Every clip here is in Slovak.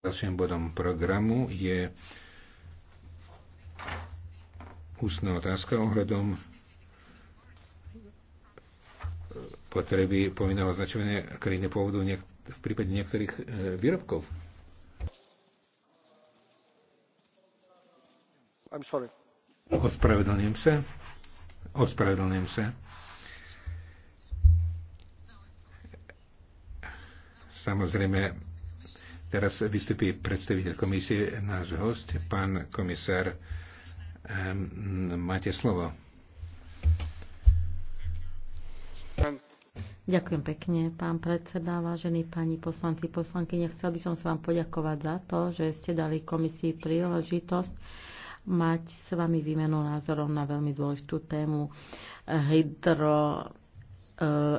Ďalším bodom programu je ústna otázka ohľadom e, potreby povinného označovania krajiny pôvodu v prípade niektorých e, výrobkov. I'm sorry. Ospravedlňujem sa. Ospravedlňujem sa. Samozrejme, Teraz vystupí predstaviteľ komisie, náš host, pán komisár. Máte slovo. Ďakujem pekne, pán predseda, vážení pani poslanci, poslanky. Nechcel by som sa vám poďakovať za to, že ste dali komisii príležitosť mať s vami výmenu názorov na veľmi dôležitú tému hydro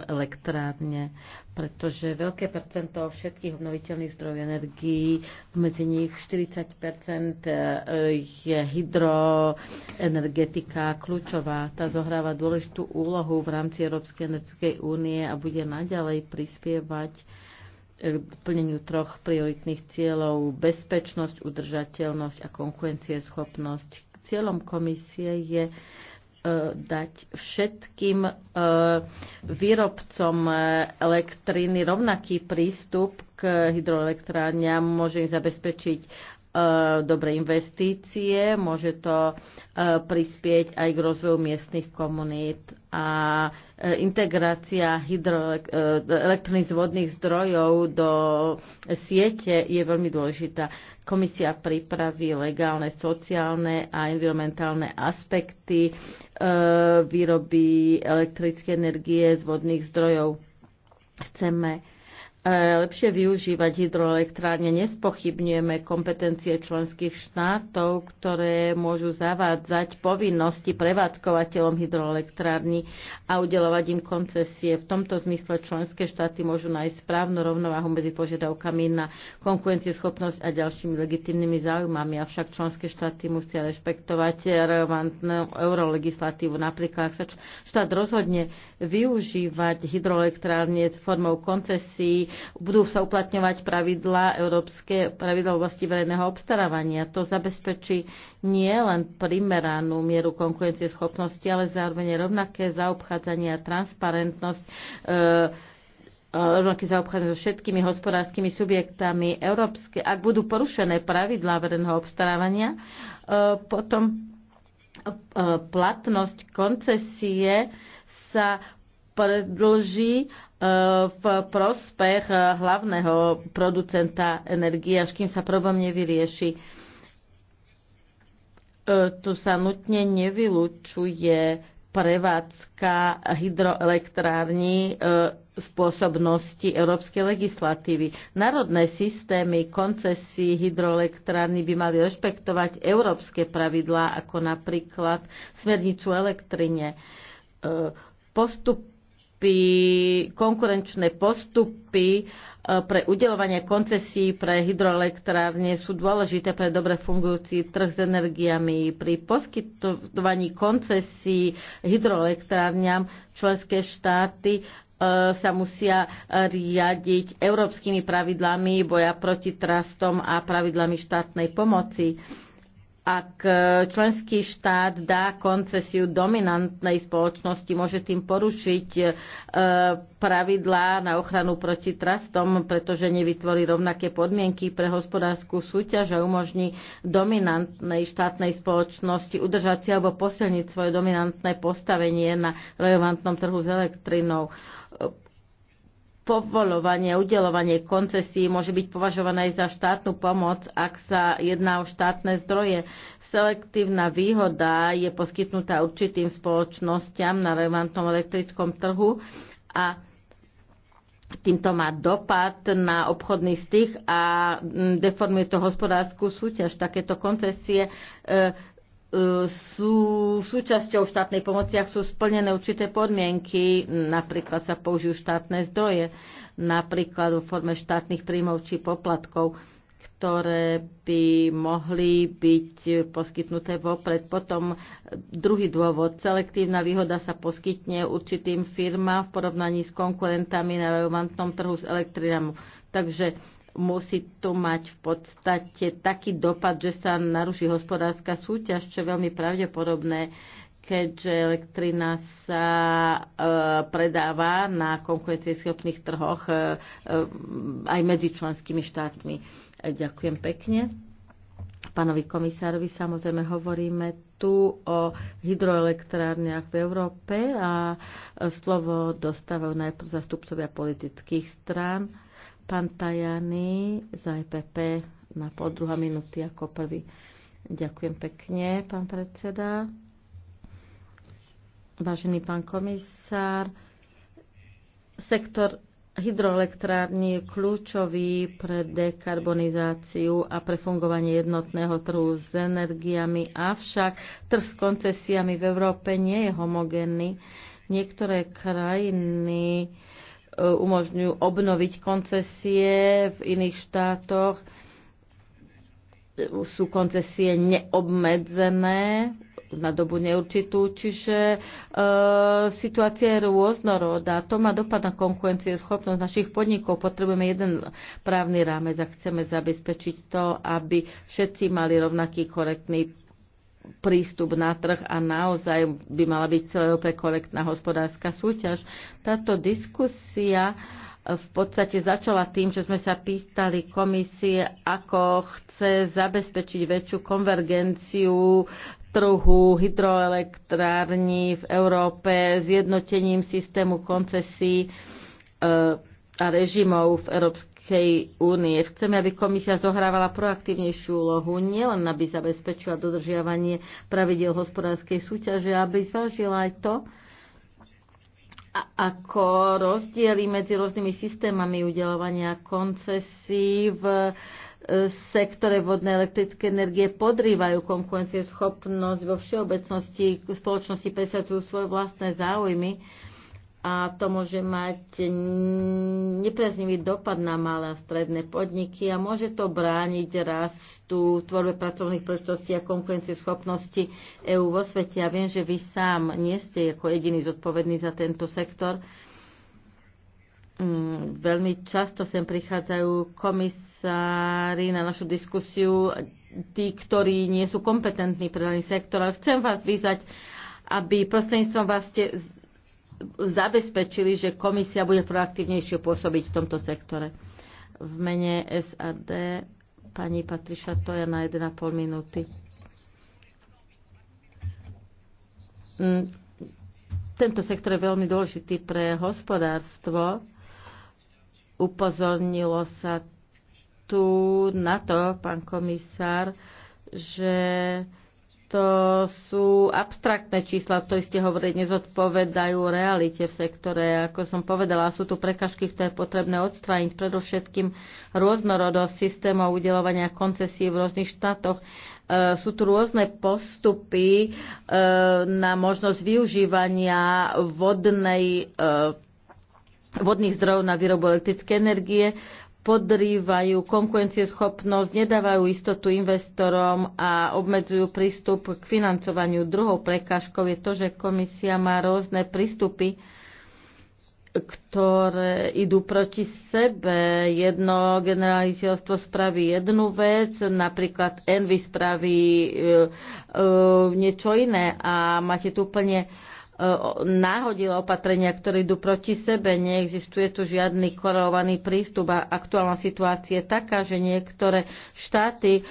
elektrárne, pretože veľké percento všetkých obnoviteľných zdrojov energií, medzi nich 40 e, je hydroenergetika kľúčová. Tá zohráva dôležitú úlohu v rámci Európskej energetickej únie a bude naďalej prispievať e, k plneniu troch prioritných cieľov bezpečnosť, udržateľnosť a konkurencieschopnosť. Cieľom komisie je E, dať všetkým e, výrobcom e, elektriny rovnaký prístup k hydroelektrárňam, môže im zabezpečiť dobré investície, môže to prispieť aj k rozvoju miestnych komunít a e, integrácia hydro, e, elektriny z vodných zdrojov do siete je veľmi dôležitá. Komisia pripraví legálne, sociálne a environmentálne aspekty e, výroby elektrickej energie z vodných zdrojov. Chceme E, lepšie využívať hydroelektrárne. Nespochybňujeme kompetencie členských štátov, ktoré môžu zavádzať povinnosti prevádzkovateľom hydroelektrárny a udelovať im koncesie. V tomto zmysle členské štáty môžu nájsť správnu rovnováhu medzi požiadavkami na konkurencieschopnosť a ďalšími legitimnými záujmami. Avšak členské štáty musia rešpektovať relevantnú eurolegislatívu. Napríklad, ak sa štát rozhodne využívať hydroelektrárne formou koncesí, budú sa uplatňovať pravidlá európske pravidla oblasti verejného obstarávania. To zabezpečí nie len primeranú mieru konkurencie schopnosti, ale zároveň rovnaké zaobchádzanie a transparentnosť e, e, rovnaké zaobchádzanie so všetkými hospodárskymi subjektami európske, ak budú porušené pravidlá verejného obstarávania, e, potom e, platnosť koncesie sa predlží e, v prospech e, hlavného producenta energie, až kým sa problém nevyrieši. E, tu sa nutne nevylučuje prevádzka hydroelektrární spôsobnosti európskej legislatívy. Národné systémy koncesí hydroelektrárny by mali rešpektovať európske pravidlá, ako napríklad smernicu elektrine. Postup postupy, konkurenčné postupy e, pre udelovanie koncesí pre hydroelektrárne sú dôležité pre dobre fungujúci trh s energiami. Pri poskytovaní koncesí hydroelektrárňam členské štáty e, sa musia e, riadiť európskymi pravidlami boja proti trastom a pravidlami štátnej pomoci ak e, členský štát dá koncesiu dominantnej spoločnosti, môže tým porušiť e, pravidlá na ochranu proti trastom, pretože nevytvorí rovnaké podmienky pre hospodárskú súťaž a umožní dominantnej štátnej spoločnosti udržať si alebo posilniť svoje dominantné postavenie na relevantnom trhu s elektrinou povolovanie, udelovanie koncesí môže byť považované aj za štátnu pomoc, ak sa jedná o štátne zdroje. Selektívna výhoda je poskytnutá určitým spoločnosťam na relevantnom elektrickom trhu a týmto má dopad na obchodný stih a mm, deformuje to hospodárskú súťaž. Takéto koncesie e, sú súčasťou štátnej pomoci, ak sú splnené určité podmienky, napríklad sa použijú štátne zdroje, napríklad vo forme štátnych príjmov či poplatkov, ktoré by mohli byť poskytnuté vopred. Potom druhý dôvod, selektívna výhoda sa poskytne určitým firmám v porovnaní s konkurentami na relevantnom trhu s elektrinami. Takže musí to mať v podstate taký dopad, že sa naruší hospodárska súťaž, čo je veľmi pravdepodobné, keďže elektrina sa e, predáva na konkurencieschopných trhoch e, e, aj medzi členskými štátmi. E, ďakujem pekne pánovi komisárovi. Samozrejme hovoríme tu o hydroelektrárniach v Európe a slovo dostávajú najprv zastupcovia politických strán. Pán Tajany za EPP na po druhá minúty ako prvý. Ďakujem pekne, pán predseda. Vážený pán komisár, sektor Hydroelektrárny je kľúčový pre dekarbonizáciu a pre fungovanie jednotného trhu s energiami, avšak trh s koncesiami v Európe nie je homogénny. Niektoré krajiny e, umožňujú obnoviť koncesie, v iných štátoch e, sú koncesie neobmedzené, na dobu neurčitú, čiže e, situácia je rôznorodá. To má dopad na konkurencie, schopnosť našich podnikov. Potrebujeme jeden právny rámec a chceme zabezpečiť to, aby všetci mali rovnaký korektný prístup na trh a naozaj by mala byť celé korektná hospodárska súťaž. Táto diskusia e, v podstate začala tým, že sme sa pýtali komisie, ako chce zabezpečiť väčšiu konvergenciu trhu hydroelektrární v Európe s jednotením systému koncesí e, a režimov v Európskej únie. Chceme, aby komisia zohrávala proaktívnejšiu úlohu, nielen aby zabezpečila dodržiavanie pravidel hospodárskej súťaže, aby zvážila aj to, ako rozdiely medzi rôznymi systémami udelovania koncesí v e, sektore vodnej elektrické energie podrývajú konkurencieschopnosť vo všeobecnosti spoločnosti presadzujú svoje vlastné záujmy a to môže mať nepriaznivý dopad na malé a stredné podniky a môže to brániť rastu, tvorbe pracovných príležitostí a schopnosti EÚ vo svete. Ja viem, že vy sám nie ste ako jediný zodpovedný za tento sektor. Mm, veľmi často sem prichádzajú komisári na našu diskusiu, tí, ktorí nie sú kompetentní pre daný sektor, ale chcem vás vyzať, aby prostredníctvom vás ste zabezpečili, že komisia bude proaktívnejšie pôsobiť v tomto sektore. V mene SAD pani Patriša Toja na 1,5 minúty. Mm, tento sektor je veľmi dôležitý pre hospodárstvo. Upozornilo sa tu na to, pán komisár, že to sú abstraktné čísla, o ktorých ste hovorili, nezodpovedajú realite v sektore. Ako som povedala, sú tu prekažky, ktoré je potrebné odstrániť. Predovšetkým rôznorodosť systémov udelovania koncesí v rôznych štátoch. E, sú tu rôzne postupy e, na možnosť využívania vodnej, e, vodných zdrojov na výrobu elektrickej energie podrývajú konkurencieschopnosť, nedávajú istotu investorom a obmedzujú prístup k financovaniu. Druhou prekážkou je to, že komisia má rôzne prístupy, ktoré idú proti sebe. Jedno generalizovstvo spraví jednu vec, napríklad Envy spraví uh, uh, niečo iné a máte tu úplne náhodila opatrenia, ktoré idú proti sebe. Neexistuje tu žiadny korelovaný prístup a aktuálna situácia je taká, že niektoré štáty e,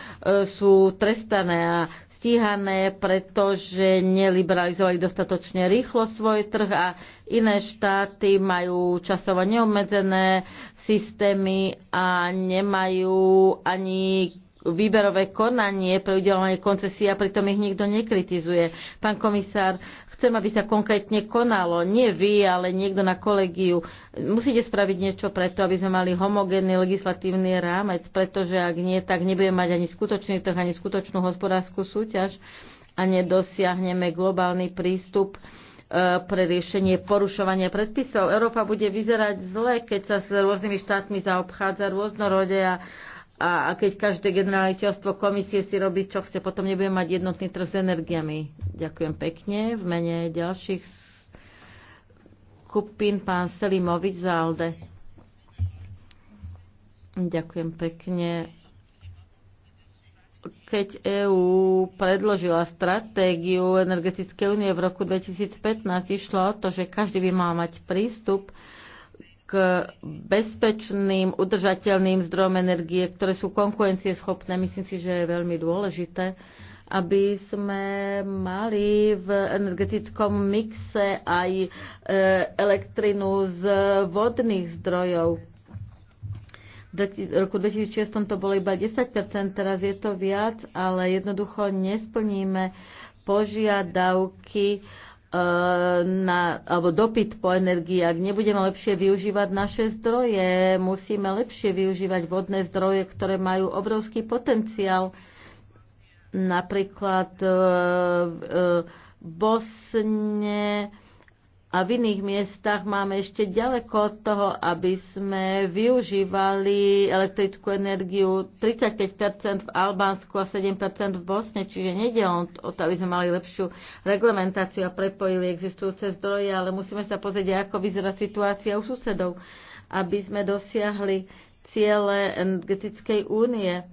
sú trestané a stíhané, pretože neliberalizovali dostatočne rýchlo svoj trh a iné štáty majú časovo neobmedzené systémy a nemajú ani výberové konanie pre udelovanie koncesie a pritom ich nikto nekritizuje. Pán komisár, Chcem, aby sa konkrétne konalo. Nie vy, ale niekto na kolegiu. Musíte spraviť niečo preto, aby sme mali homogénny legislatívny rámec, pretože ak nie, tak nebudeme mať ani skutočný trh, ani skutočnú hospodárskú súťaž a nedosiahneme globálny prístup e, pre riešenie porušovania predpisov. Európa bude vyzerať zle, keď sa s rôznymi štátmi zaobchádza rôznorode a a keď každé generáliteľstvo komisie si robí, čo chce, potom nebudeme mať jednotný trh s energiami. Ďakujem pekne. V mene ďalších skupín pán Selimovič z Alde. Ďakujem pekne. Keď EÚ predložila stratégiu energetickej únie v roku 2015, išlo o to, že každý by mal mať prístup k bezpečným, udržateľným zdrojom energie, ktoré sú konkurencieschopné. Myslím si, že je veľmi dôležité, aby sme mali v energetickom mixe aj e, elektrinu z vodných zdrojov. V roku 2006 to bolo iba 10%, teraz je to viac, ale jednoducho nesplníme požiadavky uh, na, alebo dopyt po energii, ak nebudeme lepšie využívať naše zdroje, musíme lepšie využívať vodné zdroje, ktoré majú obrovský potenciál. Napríklad eh, eh, v Bosne a v iných miestach máme ešte ďaleko od toho, aby sme využívali elektrickú energiu 35% v Albánsku a 7% v Bosne. Čiže nejde o to, aby sme mali lepšiu reglementáciu a prepojili existujúce zdroje, ale musíme sa pozrieť, ako vyzerá situácia u susedov, aby sme dosiahli ciele energetickej únie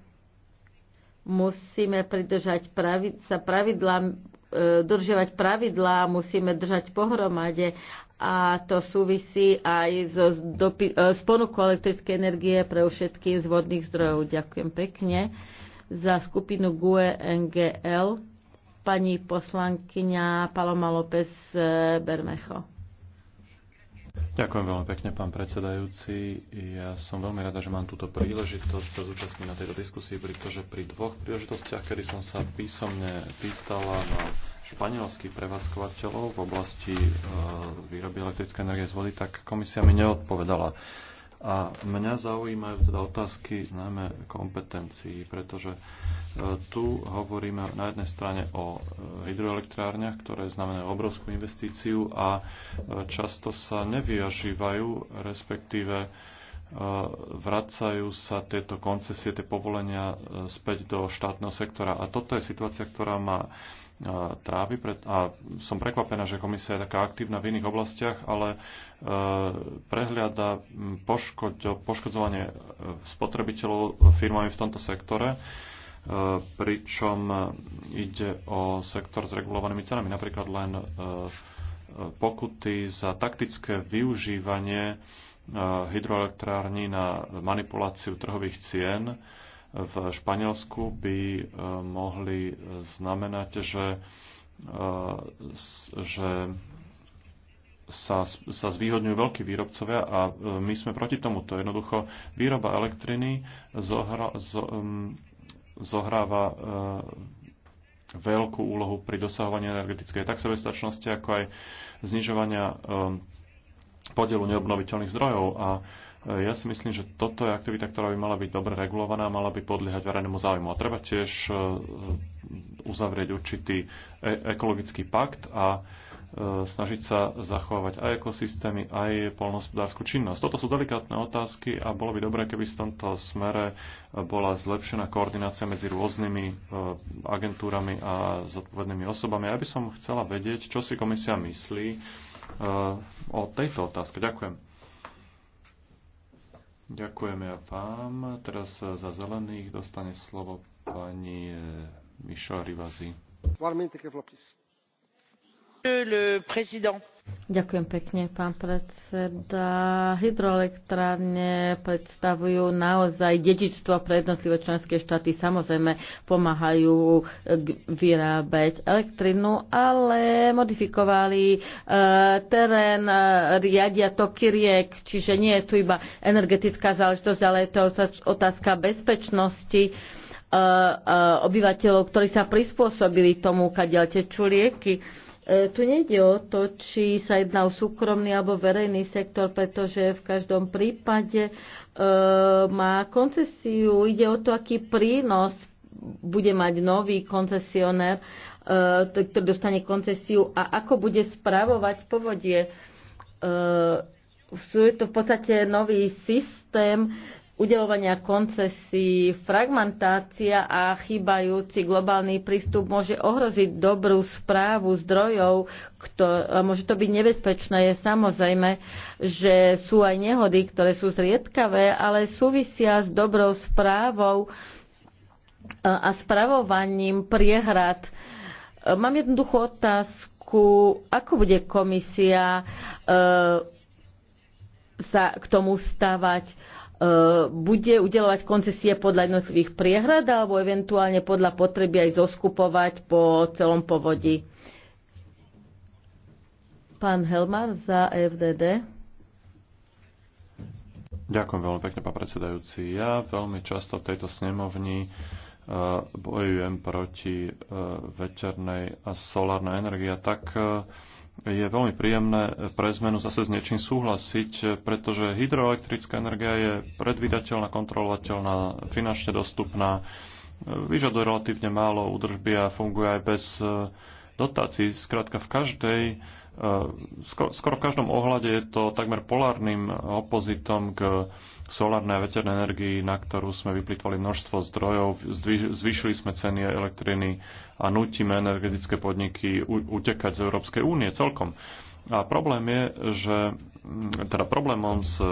musíme pridržať pravid- sa pravidlám E, dodržiavať pravidlá, musíme držať pohromade a to súvisí aj s, dopi- s e, ponukou elektrickej energie pre všetkých z vodných zdrojov. Ďakujem pekne za skupinu GUE NGL pani poslankyňa Paloma López e, Bermecho. Ďakujem veľmi pekne, pán predsedajúci. Ja som veľmi rada, že mám túto príležitosť sa zúčastniť na tejto diskusii, pretože pri dvoch príležitostiach, kedy som sa písomne pýtala na španielských prevádzkovateľov v oblasti eh, výroby elektrickej energie z vody, tak komisia mi neodpovedala. A mňa zaujímajú teda otázky najmä kompetencií, pretože e, tu hovoríme na jednej strane o e, hydroelektrárniach, ktoré znamenajú obrovskú investíciu a e, často sa nevyažívajú, respektíve vracajú sa tieto koncesie, tie povolenia späť do štátneho sektora. A toto je situácia, ktorá má trávi. A som prekvapená, že komisia je taká aktívna v iných oblastiach, ale e, prehliada poškoď, poškodzovanie e, spotrebiteľov firmami v tomto sektore e, pričom ide o sektor s regulovanými cenami. Napríklad len pokuty za taktické využívanie hydroelektrární na manipuláciu trhových cien v Španielsku by e, mohli znamenať, že, e, že sa, sa zvýhodňujú veľkí výrobcovia a e, my sme proti tomu. To jednoducho výroba elektriny zohra, zo, zohráva veľkú úlohu pri dosahovaní energetickej tak sebestačnosti, ako aj znižovania podielu neobnoviteľných zdrojov. A E, ja si myslím, že toto je aktivita, ktorá by mala byť dobre regulovaná, mala by podliehať verejnému záujmu. A treba tiež e, uzavrieť určitý e, ekologický pakt a snažiť sa zachovávať aj ekosystémy, aj polnospodárskú činnosť. Toto sú delikátne otázky a bolo by dobré, keby v tomto smere bola zlepšená koordinácia medzi rôznymi agentúrami a zodpovednými osobami. Ja by som chcela vedieť, čo si komisia myslí o tejto otázke. Ďakujem. Ďakujeme a vám. Teraz za zelených dostane slovo pani eh, Mišo Rivazi. Le président Ďakujem pekne, pán predseda. Hydroelektrárne predstavujú naozaj dedičstvo pre jednotlivé členské štáty. Samozrejme, pomáhajú vyrábať elektrinu, ale modifikovali e, terén, e, riadia toky riek, čiže nie je tu iba energetická záležitosť, ale je to otázka bezpečnosti e, e, obyvateľov, ktorí sa prispôsobili tomu, kadiaľ tečú rieky E, tu nejde o to, či sa jedná o súkromný alebo verejný sektor, pretože v každom prípade e, má koncesiu. Ide o to, aký prínos bude mať nový koncesionér, e, ktorý dostane koncesiu a ako bude spravovať povodie. E, je to v podstate nový systém, udelovania koncesí, fragmentácia a chýbajúci globálny prístup môže ohroziť dobrú správu zdrojov, kto, môže to byť nebezpečné. Je samozrejme, že sú aj nehody, ktoré sú zriedkavé, ale súvisia s dobrou správou a spravovaním priehrad. Mám jednoduchú otázku, ako bude komisia e, sa k tomu stavať, e, bude udelovať koncesie podľa jednotlivých priehrad alebo eventuálne podľa potreby aj zoskupovať po celom povodí. Pán Helmar za e FDD. Ďakujem veľmi pekne, pán predsedajúci. Ja veľmi často v tejto snemovni e, bojujem proti veternej a solárnej energii a tak je veľmi príjemné pre zmenu zase s niečím súhlasiť, pretože hydroelektrická energia je predvydateľná, kontrolovateľná, finančne dostupná, vyžaduje relatívne málo údržby a funguje aj bez e, dotácií. Skrátka v každej, e, skoro v každom ohľade je to takmer polárnym opozitom k solárnej a veternej energii, na ktorú sme vyplýtvali množstvo zdrojov, zvýšili sme ceny elektriny a nutíme energetické podniky utekať z Európskej únie celkom. A problém je, že mm, teda problémom s e,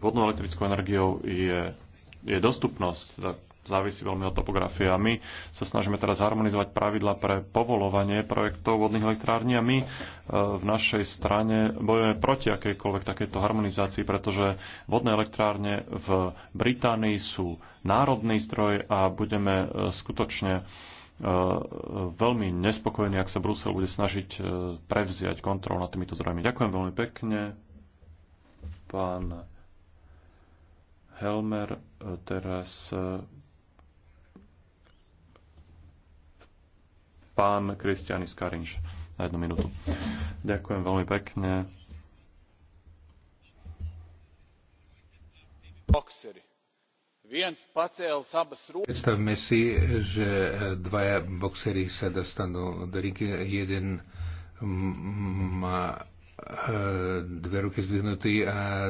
vodnou elektrickou energiou je, je dostupnosť. Teda závisí veľmi od topografie. A my sa snažíme teraz harmonizovať pravidla pre povolovanie projektov vodných elektrární a my e, v našej strane bojujeme proti akejkoľvek takejto harmonizácii, pretože vodné elektrárne v Británii sú národný stroj a budeme e, skutočne e, veľmi nespokojní, ak sa Brusel bude snažiť prevziať kontrol nad týmito zdrojmi. Ďakujem veľmi pekne. Pán Helmer, teraz pán Kristianis Karinš na jednu minútu. Ďakujem veľmi pekne. Predstavme si, že dvaja boxery sa dostanú do ringu. jeden má e, dve ruky zdvihnuté a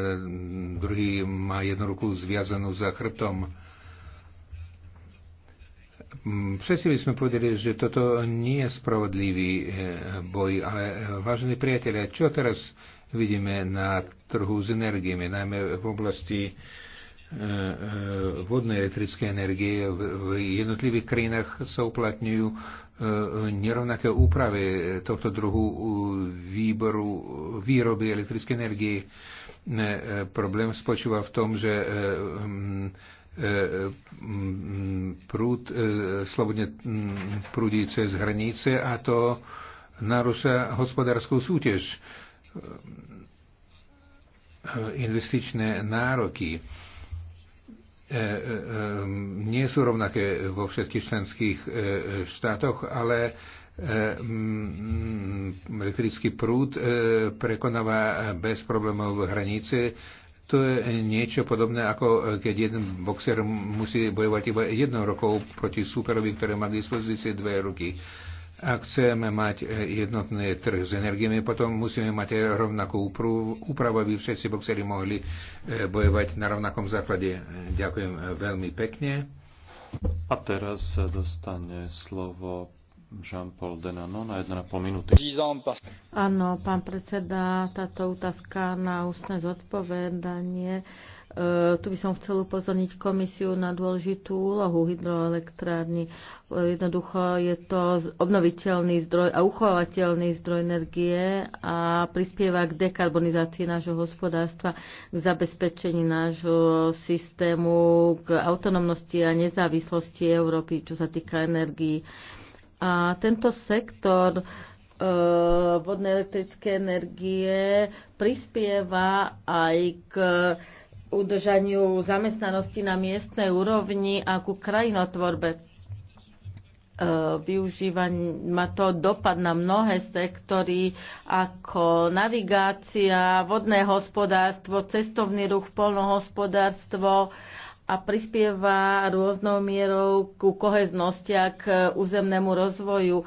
druhý má jednu ruku zviazanú za chrbtom Mm, všetci by sme povedali, že toto nie je spravodlivý e, boj, ale e, vážení priatelia, čo teraz vidíme na trhu s energiami, najmä v oblasti e, vodnej elektrické energie v jednotlivých krajinách sa uplatňujú nerovnaké úpravy tohto druhu výboru výroby elektrickej energie. Problém spočíva v tom, že prúd e, slobodne mm, prúdi cez hranice a to narúša hospodárskú súťaž, e, investičné nároky e, nie sú rovnaké vo všetkých členských štátoch, ale mm, elektrický prúd prekonáva bez problémov hranice to je niečo podobné, ako e, keď jeden boxer musí bojovať iba jednou rokou proti superovi, ktoré má k dispozícii dve ruky. Ak chceme mať e, jednotný trh s energiami, potom musíme mať rovnakú úpravu, aby všetci boxery mohli e, bojovať na rovnakom základe. Ďakujem veľmi pekne. A teraz dostane slovo Jean-Paul Denano na 1,5 minúty. Áno, pán predseda, táto otázka na ústne zodpovedanie. E, tu by som chcel upozorniť komisiu na dôležitú úlohu hydroelektrárny. E, jednoducho je to obnoviteľný zdroj a uchovateľný zdroj energie a prispieva k dekarbonizácii nášho hospodárstva, k zabezpečení nášho systému, k autonomnosti a nezávislosti Európy, čo sa týka energii. E, a tento sektor e, vodnej elektrické energie prispieva aj k udržaniu zamestnanosti na miestnej úrovni a ku krajinotvorbe e, Využívanie má to dopad na mnohé sektory ako navigácia, vodné hospodárstvo, cestovný ruch, polnohospodárstvo a prispieva rôznou mierou ku koheznosti a k územnému rozvoju e,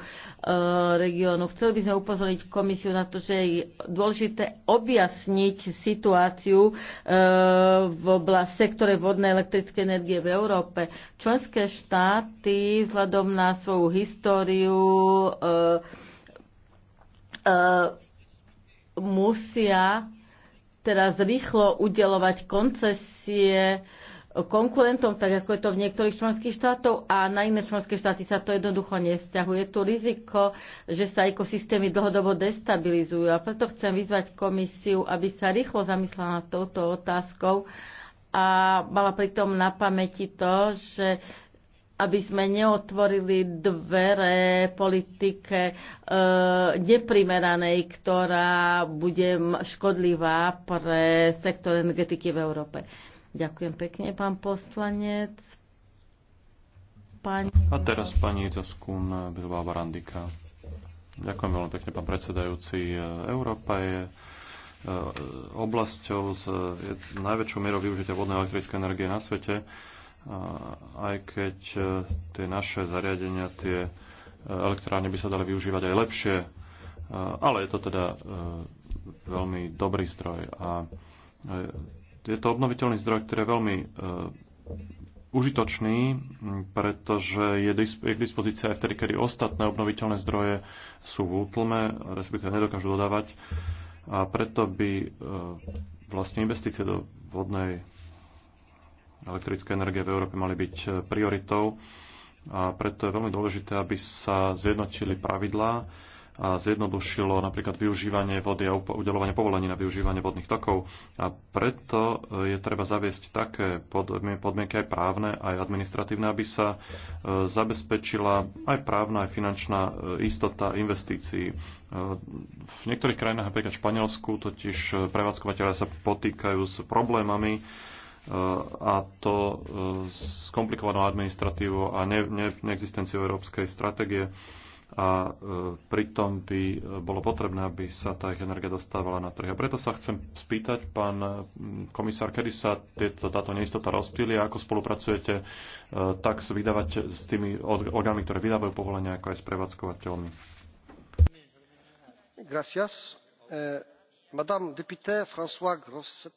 regiónu. Chceli by sme upozorniť komisiu na to, že je dôležité objasniť situáciu e, v oblasti sektore vodnej elektrickej energie v Európe. Členské štáty vzhľadom na svoju históriu e, e, musia teraz rýchlo udelovať koncesie konkurentom, tak ako je to v niektorých členských štátoch a na iné členské štáty sa to jednoducho nevzťahuje. Tu riziko, že sa ekosystémy dlhodobo destabilizujú a preto chcem vyzvať komisiu, aby sa rýchlo zamyslela nad touto otázkou a mala pritom na pamäti to, že aby sme neotvorili dvere politike e, neprimeranej, ktorá bude škodlivá pre sektor energetiky v Európe. Ďakujem pekne, pán poslanec. Pani... A teraz pani Zaskun Bilba Barandika. Ďakujem veľmi pekne, pán predsedajúci. Európa je e, oblasťou s e, najväčšou mierou využitia vodnej elektrickej energie na svete, aj keď e, tie naše zariadenia, tie elektrárne by sa dali využívať aj lepšie, ale je to teda veľmi dobrý zdroj. A je to obnoviteľný zdroj, ktorý je veľmi uh, užitočný, pretože je, disp- je k dispozícii aj vtedy, kedy ostatné obnoviteľné zdroje sú v útlme, respektíve nedokážu dodávať. A preto by uh, vlastne investície do vodnej elektrické energie v Európe mali byť e, prioritou. A preto je veľmi dôležité, aby sa zjednotili pravidlá, a zjednodušilo napríklad využívanie vody a udelovanie povolení na využívanie vodných tokov. A preto e, je treba zaviesť také podmienky aj právne, aj administratívne, aby sa e, zabezpečila aj právna, aj finančná e, istota investícií. V niektorých krajinách, napríklad Španielsku, totiž prevádzkovateľe sa potýkajú s problémami, a to s komplikovanou administratívou a ne, ne, neexistenciou európskej stratégie a e, pritom by e, bolo potrebné, aby sa tá ich energia dostávala na trh. A preto sa chcem spýtať, pán komisár, kedy sa tieto, táto neistota rozpíli a ako spolupracujete e, tak s, vydavate, s tými orgánmi, ktoré vydávajú povolenia, ako aj s prevádzkovateľmi. Gracias. Eh, Madame députée François Grosset.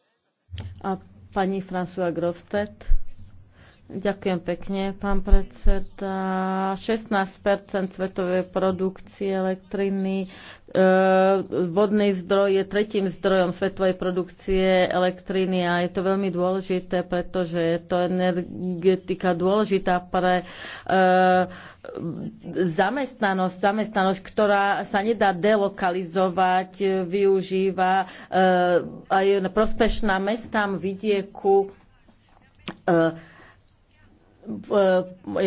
A pani François Grostet. Ďakujem pekne, pán predseda. 16 svetovej produkcie elektriny. E, vodný zdroj je tretím zdrojom svetovej produkcie elektriny a je to veľmi dôležité, pretože je to energetika dôležitá pre e, zamestnanosť, zamestnanosť, ktorá sa nedá delokalizovať, využíva e, aj prospešná mestám, vidieku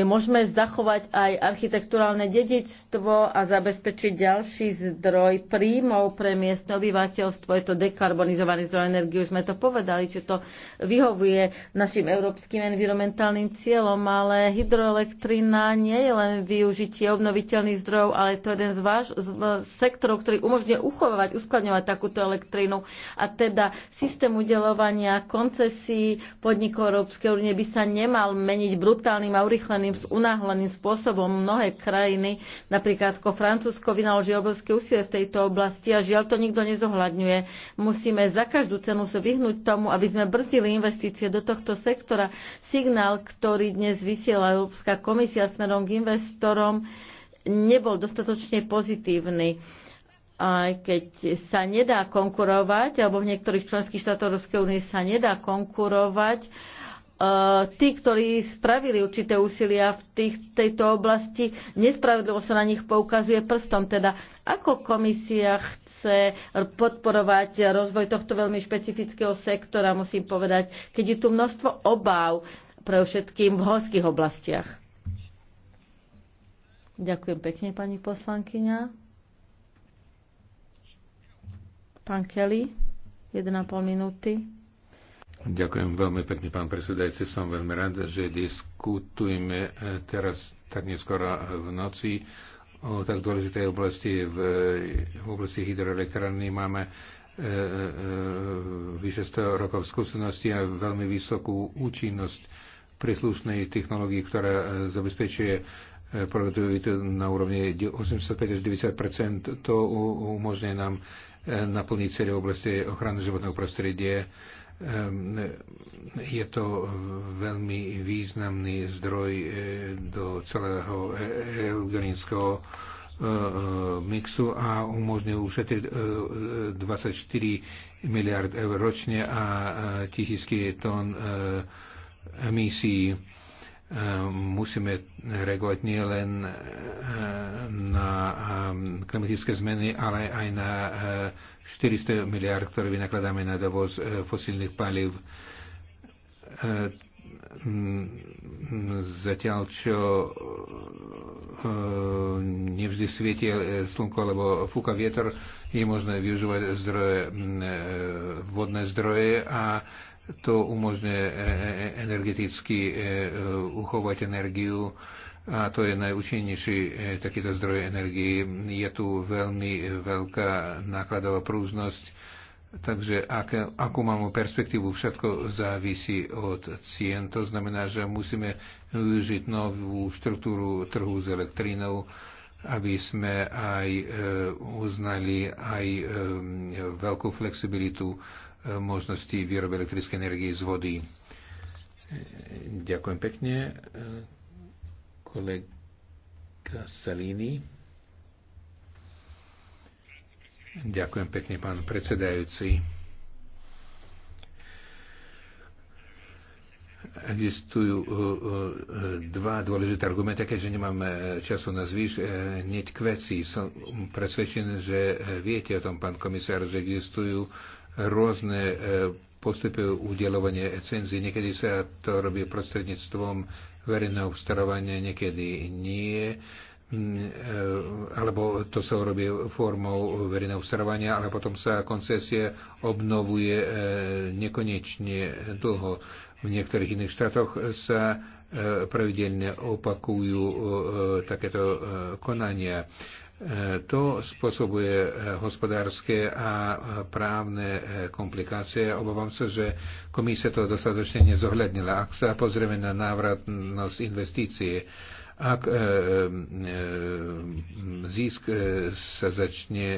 môžeme zachovať aj architekturálne dedičstvo a zabezpečiť ďalší zdroj príjmov pre miestne obyvateľstvo. Je to dekarbonizovaný zdroj energie, už sme to povedali, že to vyhovuje našim európskym environmentálnym cieľom, ale hydroelektrina nie je len využitie obnoviteľných zdrojov, ale je to jeden z, váš, z sektorov, ktorý umožňuje uchovávať, uskladňovať takúto elektrínu a teda systém udelovania koncesí podnikov Európskej únie by sa nemal meniť brutálnym a urychleným, unáhleným spôsobom mnohé krajiny, napríklad ako Francúzsko, vynaloží obrovské úsilie v tejto oblasti a žiaľ to nikto nezohľadňuje. Musíme za každú cenu sa vyhnúť tomu, aby sme brzdili investície do tohto sektora. Signál, ktorý dnes vysiela Európska komisia smerom k investorom, nebol dostatočne pozitívny aj keď sa nedá konkurovať, alebo v niektorých členských štátoch Európskej únie sa nedá konkurovať, Eh, tí, ktorí spravili určité úsilia v tých, tejto oblasti, nespravedlivo sa na nich poukazuje prstom. Teda ako komisia chce podporovať rozvoj tohto veľmi špecifického sektora, musím povedať, keď je tu množstvo obáv pre všetkým v horských oblastiach. Ďakujem pekne, pani poslankyňa. Pán Kelly, 1,5 minúty. Ďakujem veľmi pekne, pán predsedajúci. Som veľmi rád, že diskutujeme eh, teraz tak neskoro eh, v noci o tak dôležitej oblasti. V, v oblasti hydroelektrárny máme eh, vyše 100 rokov skúsenosti a veľmi vysokú účinnosť príslušnej technológii, ktorá zabezpečuje produktivitu na úrovni 85 až 90 To umožňuje nám naplniť celé oblasti ochrany životného prostredia je to veľmi významný zdroj eh, do celého e, eugenického eh, eh, mixu a umožňuje ušetriť 24 miliard eur ročne a tisícky tón emisí musíme reagovať nielen e, na e, klimatické zmeny, ale aj na 400 e, miliard, ktoré vynakladáme na dovoz fosílnych palív. Zatiaľ, čo nevždy svieti slnko, lebo fúka vietor, je možné využívať zdroje, vodné zdroje a to umožňuje e, e, e, energeticky uchovať energiu a to je najúčinnejší takýto zdroj energii. Je tu veľmi veľká nákladová prúžnosť, takže ak, akú máme perspektívu, všetko závisí od cien. To znamená, že musíme využiť novú štruktúru trhu s elektrínou, aby sme aj uznali aj veľkú flexibilitu možnosti výroby elektrickej energie z vody. Ďakujem pekne. Kolega Salini. Ďakujem pekne, pán predsedajúci. Existujú uh, uh, dva dôležité argumenty, keďže nemáme uh, času na zvýš, hneď k veci. Som presvedčený, že viete o tom, pán komisár, že existujú rôzne e, postupy udelovania cenzií. Niekedy sa to robí prostredníctvom verejného obstarovania, niekedy nie mm, e, alebo to sa urobí formou verejného starovania, ale potom sa koncesie obnovuje e, nekonečne dlho. V niektorých iných štátoch sa pravidelne opakujú takéto konania. To spôsobuje eh, hospodárske a eh, právne eh, komplikácie. Obávam sa, že komisia to dostatočne nezohľadnila. Ak sa pozrieme na návratnosť investície, ak e, e, zisk sa začne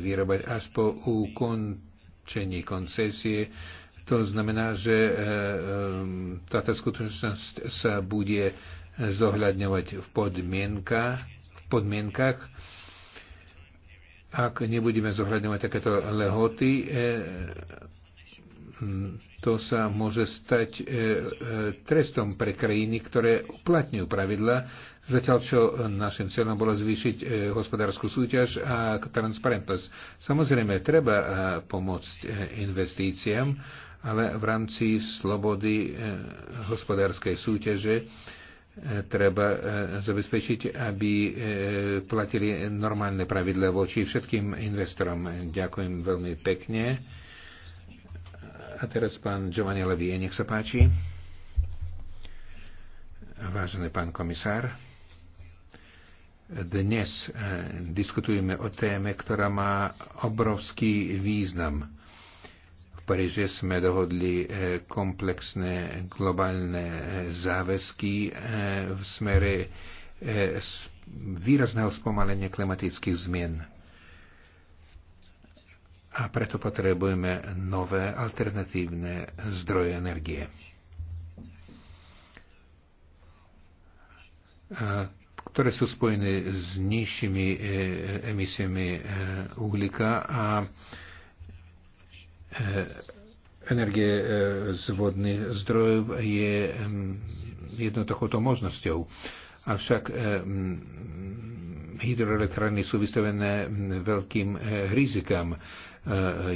vyrobať až po ukončení koncesie, to znamená, že e, táto skutočnosť sa bude zohľadňovať v podmienkach podmienkach, ak nebudeme zohľadňovať takéto lehoty, e, to sa môže stať e, e, trestom pre krajiny, ktoré uplatňujú pravidla, zatiaľ čo našim cieľom bolo zvýšiť hospodárskú súťaž a transparentnosť. Samozrejme, treba pomôcť investíciám, ale v rámci slobody hospodárskej súťaže treba e, zabezpečiť, aby e, platili normálne pravidle voči všetkým investorom. Ďakujem veľmi pekne. A teraz pán Giovanni Levie, nech sa páči. Vážený pán komisár, dnes e, diskutujeme o téme, ktorá má obrovský význam Paríži sme dohodli e, komplexné globálne e, záväzky e, v smere výrazného spomalenia klimatických zmien. A preto potrebujeme nové alternatívne zdroje energie. ktoré sú spojené s nižšími emisiami uhlíka a E, energie e, z vodných zdrojov je jednou takouto možnosťou. Avšak hydroelektrárny sú vystavené veľkým e, rizikám.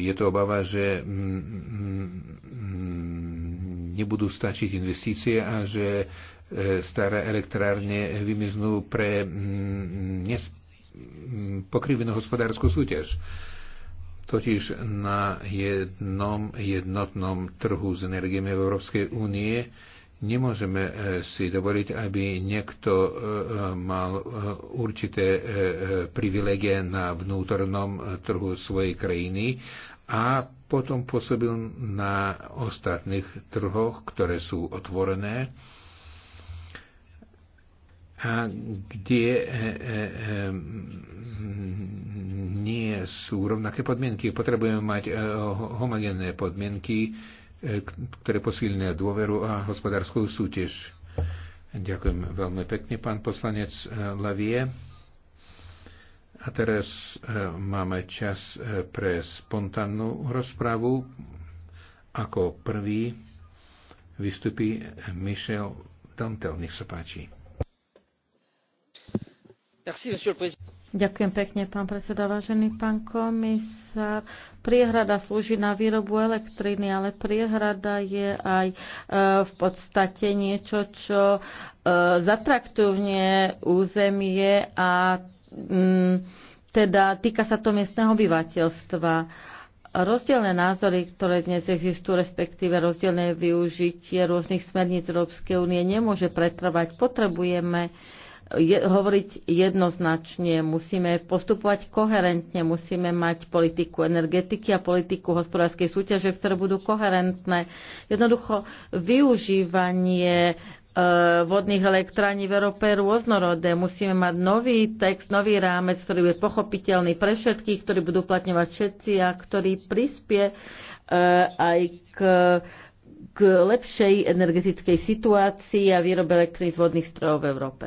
Je to obava, že nebudú stačiť investície a že staré elektrárne vymiznú pre pokrivenú hospodárskú súťaž totiž na jednom jednotnom trhu s energiami Európskej únie nemôžeme e, si dovoliť, aby niekto e, mal e, určité privilegie na vnútornom trhu svojej krajiny a potom pôsobil na ostatných trhoch, ktoré sú otvorené a kde nie sú rovnaké podmienky. Potrebujeme mať e, homogénne podmienky, e, ktoré posilnia dôveru a hospodárskú súťaž. Ďakujem veľmi pekne, pán poslanec e, Lavie. A teraz máme čas pre spontánnu rozpravu. Ako prvý vystupí Michel Dantel. Nech sa páči. Ďakujem pekne, pán predseda. Vážený pán komisár, priehrada slúži na výrobu elektriny, ale priehrada je aj e, v podstate niečo, čo e, zatraktívne územie a mm, teda týka sa to miestneho obyvateľstva. Rozdielne názory, ktoré dnes existujú, respektíve rozdielne využitie rôznych smerníc Európskej únie nemôže pretrvať. Potrebujeme je, hovoriť jednoznačne, musíme postupovať koherentne, musíme mať politiku energetiky a politiku hospodárskej súťaže, ktoré budú koherentné. Jednoducho využívanie e, vodných elektrární v Európe rôznorodé. Musíme mať nový text, nový rámec, ktorý bude pochopiteľný pre všetkých, ktorý budú uplatňovať všetci a ktorý prispie e, aj k k lepšej energetickej situácii a výrobe elektrín z vodných strojov v Európe.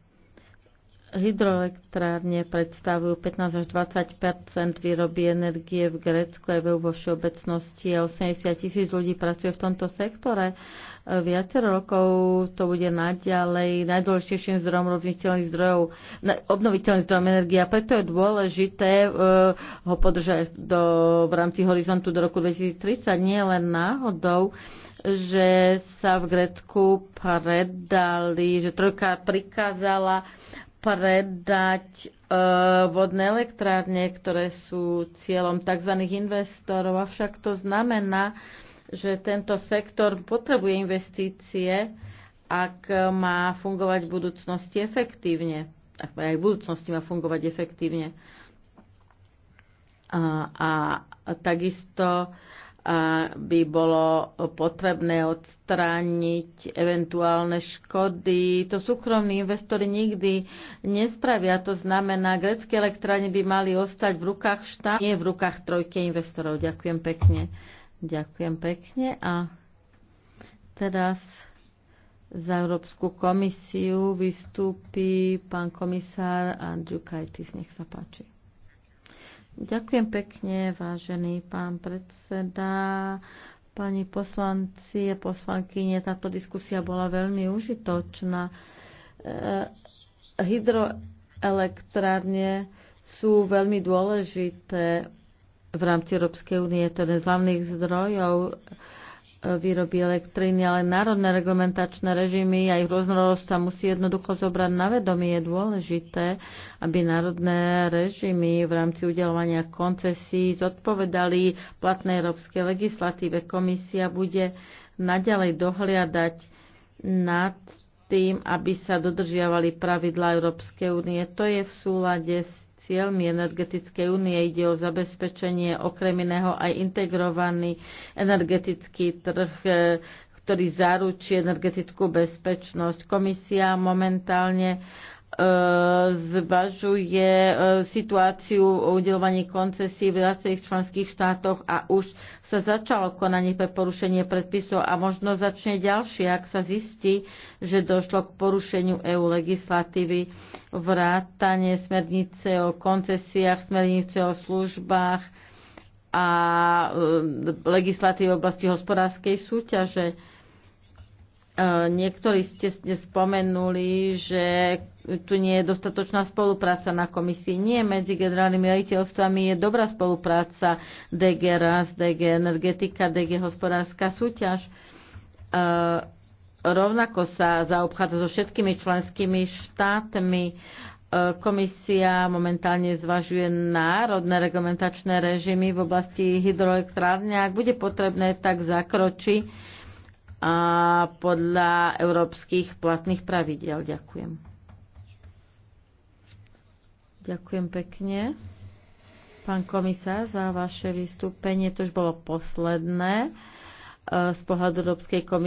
Hydroelektrárne predstavujú 15 až 20 výroby energie v Grécku aj vo všeobecnosti a 80 tisíc ľudí pracuje v tomto sektore. Viacero rokov to bude naďalej najdôležitejším zdrojom obnoviteľných zdrojov, obnoviteľných zdrojom energie a preto je dôležité e, ho podržať do, v rámci horizontu do roku 2030, nie len náhodou že sa v Grécku predali, že trojka prikázala predať e, vodné elektrárne, ktoré sú cieľom tzv. investorov. Avšak to znamená, že tento sektor potrebuje investície, ak má fungovať v budúcnosti efektívne. Ak aj v budúcnosti má fungovať efektívne. A, a, a takisto by bolo potrebné odstrániť eventuálne škody. To súkromní investori nikdy nespravia. To znamená, grecké elektrárne by mali ostať v rukách štátu, nie v rukách trojke investorov. Ďakujem pekne. Ďakujem pekne a teraz za Európsku komisiu vystúpi pán komisár Andrew Kajtis. Nech sa páči. Ďakujem pekne, vážený pán predseda, pani poslanci a poslankyne. Táto diskusia bola veľmi užitočná. E, hydroelektrárne sú veľmi dôležité v rámci Európskej únie. To je z hlavných zdrojov výroby elektriny, ale národné reglementačné režimy a ich rôznorodosť sa musí jednoducho zobrať na vedomie. Je dôležité, aby národné režimy v rámci udelovania koncesí zodpovedali platnej európskej legislatíve. Komisia bude naďalej dohliadať nad tým, aby sa dodržiavali pravidla Európskej únie. To je v súlade s Cieľmi energetickej únie ide o zabezpečenie okrem iného aj integrovaný energetický trh, e, ktorý zaručí energetickú bezpečnosť. Komisia momentálne zvažuje e, situáciu o udelovaní koncesí v viacerých členských štátoch a už sa začalo konanie pre porušenie predpisov a možno začne ďalšie, ak sa zistí, že došlo k porušeniu EU legislatívy vrátanie smernice o koncesiách, smernice o službách a e, legislatívy v oblasti hospodárskej súťaže E, niektorí ste spomenuli, že tu nie je dostatočná spolupráca na komisii. Nie, medzi generálnymi rejiteľstvami je dobrá spolupráca DG RAS, DG Energetika, DG Hospodárska súťaž. E, rovnako sa zaobchádza so všetkými členskými štátmi. E, komisia momentálne zvažuje národné reglementačné režimy v oblasti hydroelektrárne. Ak bude potrebné, tak zakročí a podľa európskych platných pravidel. Ďakujem. Ďakujem pekne, pán komisár, za vaše vystúpenie. To už bolo posledné eh, z pohľadu Európskej komisie.